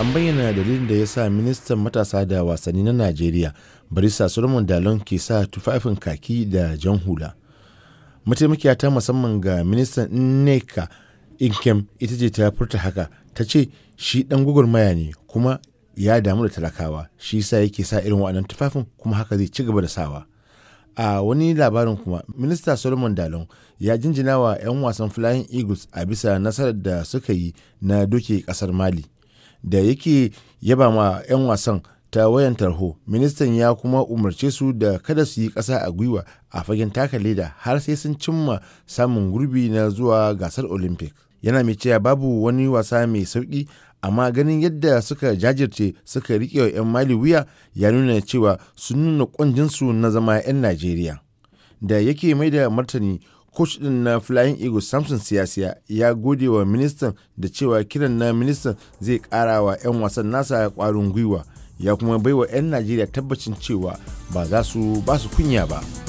an bayyana dalilin da ya sa ministan matasa da wasanni na najeriya barista solomon dalon ke sa tufafin kaki da jan hula mataimakiya ta musamman ga ministan nneka inkem ita ce ta furta haka ta ce shi dan maya ne kuma ya damu da talakawa shi sa yake sa irin waɗannan tufafin kuma haka zai ci gaba da sawa a wani labarin kuma minista solomon dalon ya jinjina wa 'yan wasan flying eagles a bisa nasarar da suka yi na doke kasar mali da yake yaba ma 'yan wasan ta wayan tarho ministan ya kuma umarce su da kada su yi ƙasa a gwiwa a fagen taka leda har sai sun cimma samun gurbi na zuwa gasar olympic yana mai cewa babu wani wasa mai sauƙi amma ganin yadda suka jajirce suka riƙe wa 'yan mali wuya ya nuna cewa sun nuna ƙwanjinsu na zama 'yan najeriya da yake mai da martani coach din na flying eagles samson siyasiya ya gode wa ministan da cewa kiran na ministan zai kara wa 'yan wasan nasa kwarin gwiwa ya kuma baiwa 'yan najeriya tabbacin cewa ba za su ba su kunya ba.